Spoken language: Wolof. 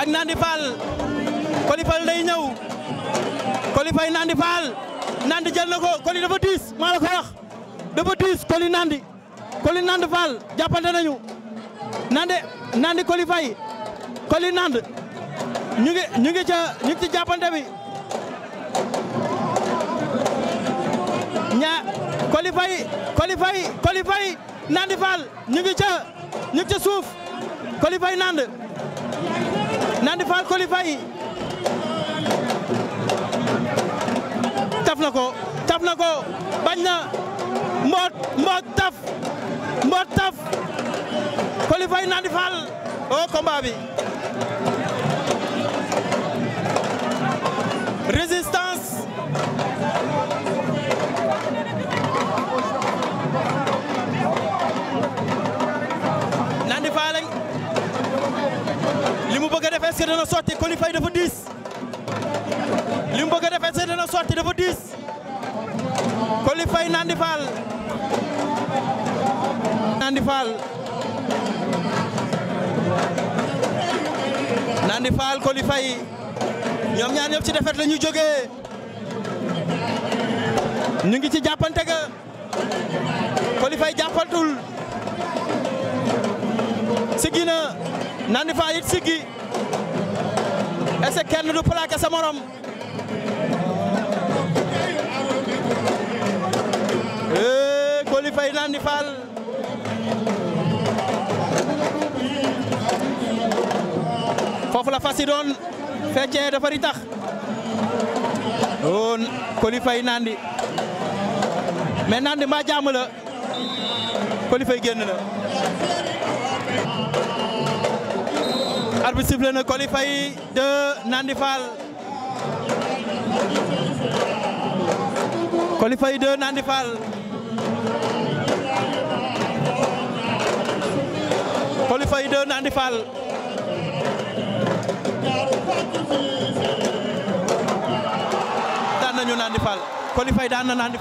ak Nandi Fall Coly Fall day ñëw Coly Faye Nandi Fall Nandi jël na ko Coly dafa diis maa ko wax dafa diis Coly Nandi Coly Nandi Fall jàppante Nandi Nandi Coly Faye Nandi ñu ngi ñu ca ñu ngi ci jàppante bi ñaa Coly Faye Nandi Fall ñu ngi ca ñu ngi ca suuf Coly Faye Nandi Nandi Fall Coly Faye taf na ko taf na ko bañ na mboot mboot taf mboot taf Coly Faye Nandi Fall o combat que dana dafa diis li mu bëgg a def est-ce que dana sotti dafa diis Coly Faye Nandi Fall ñoom ñaar ñëpp ci defet la ñu jógee ñu ngi ci jàppante ga Coly Faye siggi na Nandi it siggi est-ce que kenn du plaqué sa morom eh Coly Faye Nandy Fall foofu la fas doon feccee dafa ri tax oh Coly Faye Nandy mais Nandy mbaa la Coly Faye génn na arbitre sifflé na Coly Faye de Nandi Fall de Nandi daan nañu Nandi Fall Coly daan na Nandi